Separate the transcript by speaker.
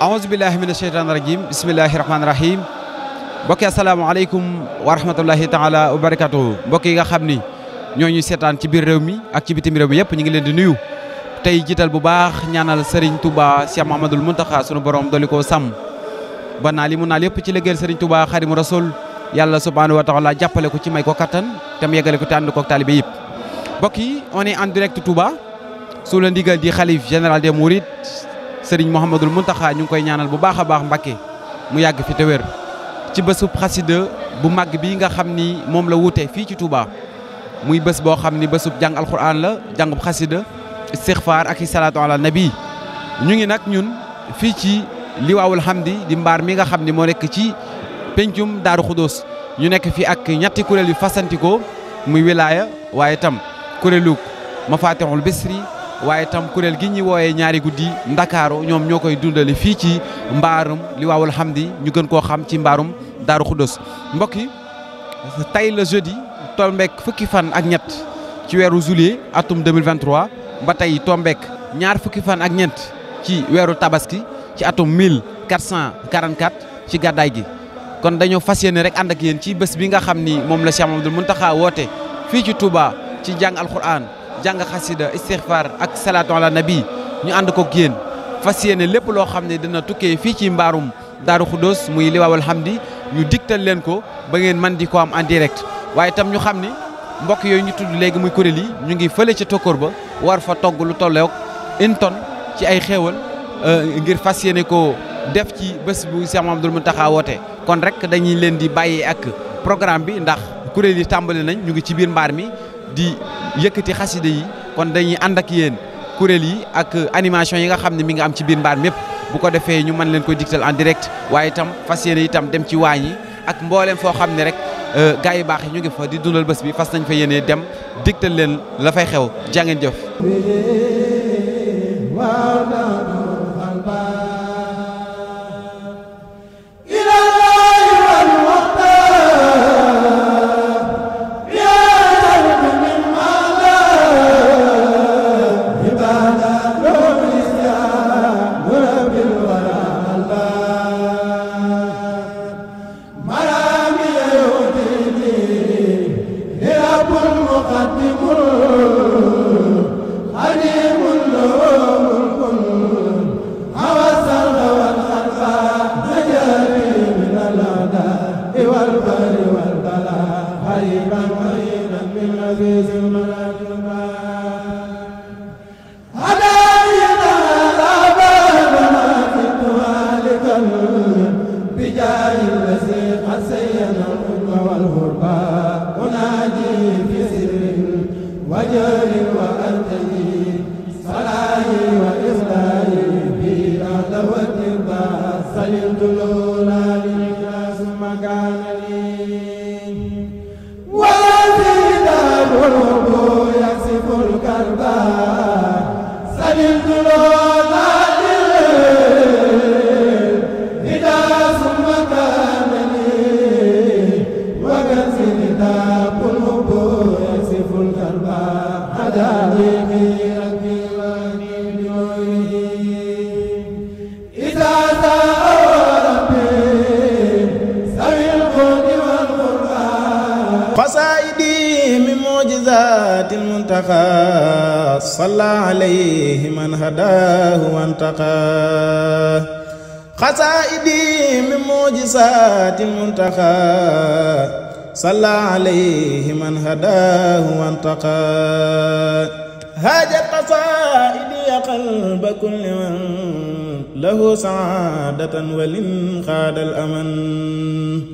Speaker 1: ahousubillahi mina sheytaani rajim a rahmaani rahim mbokki asalaamaaleykum wa rahmatullahi taala wa barakatuhu mbokk yi nga xam ni ñooñu seetaan ci biir réew mi ak ci bitim mi yëpp ñu ngi leen di nuyu tey jiital bu baax ñaanal Serigne Touba Cheikh Mahamadul Muntaxa sunu borom doli koo sàmm ba naa li mu naal yëpp ci liggéeyal Serigne xari Xadimu Rasul yàlla subhanahu wa taala jàppale ko ci may ko kattan te mu yeggale ko te ànd koog taalibe yëpp mbokk yi en direct Touba sous le ndigal général des Mourides sëriñ Mouhamadul Mountakha ñu ngi koy ñaanal bu baax a baax Mbacké mu yàgg fi te ci bésub xasida bu màgg bi nga xam ni moom la wute fii ci Touba muy bés boo xam ni bésub jàng alxuraan la jàngub xasida istixfaar ak i salaatu ala nabi ñu ngi nag ñun fii ci liwaawul xam di di mbaar mi nga xam ni moo nekk ci pencum Daaru Xudóos ñu nekk fi ak ñetti kuréel yu fasantikoo muy wilaaya waaye tam kuréelu mafatihul bisri waaye tam kurel gi ñuy wooyee ñaari guddi ndakaaru ñoom ñoo koy dundale fii ci mbaarum Liwaawul Hamdi ñu gën koo xam ci mbaarum Daaru Xuddos mbokk yi tey jeudi tombeek fukki fan ak ñett ci weeru juillet atum 2023 ba tey tombeek ñaar fukki fan ak ñett ci weeru tabaski ci atum 1444 ci gàddaay gi kon dañoo fas yéene rek ànd ak yéen ci bés bi nga xam ni la Cheikh Mamadou Mountakha woote ci Touba ci alquran jàng xasida istixfar ak salaatu na bii ñu ànd ko yéen fas yéene lépp loo xam ne dina tukkee fii ci mbaarum daaru xuddoos muy xam di ñu digtal leen ko ba ngeen man di ko am en waaye itam ñu xam ni mbokk yooyu ñu tudd léegi muy kuréel yi ñu ngi fële ca tokkoor ba war fa togg lu tollook une ci ay xéewal euh, ngir fas yéene ko def ci bés bu Cheikh Mamadou Mountakha woote kon rek dañuy leen di bàyyi ak programme bi ndax kuréel yi tàmbali nañ ñu ngi ci biir mbaar mi di yëkkati xasida yi kon dañuy ànd ak yéen kuréel yi ak animation yi nga xam ne mi nga am ci biir mbaar mépp bu ko defee ñu mën leen koy digtal en direct waaye itam fas yéene itam dem ci waañ yi ak mbooleem foo xam ne rek euh, gaa yi baax yi ñu ngi fa di dundal bés bi fas nañ fa yéene dem digtal leen la fay xew jàngeen jëf
Speaker 2: غريبا مهينا من عزيز المنام هداينا بابنا كنتها لكل بجاه الذي قد سين الحب والغربى في سر وجهل وارتجي صلاحي واصلاحي في اهل وترضى سلمت الاولى لله ثم قال ¡Saludos! los ذات المنتقى صلى عليه من هداه وانتقى خسائدي من معجزات المنتقى صلى عليه من هداه وانتقى هاجت قصائدي قلب كل من له سعادة ولن خاد الأمن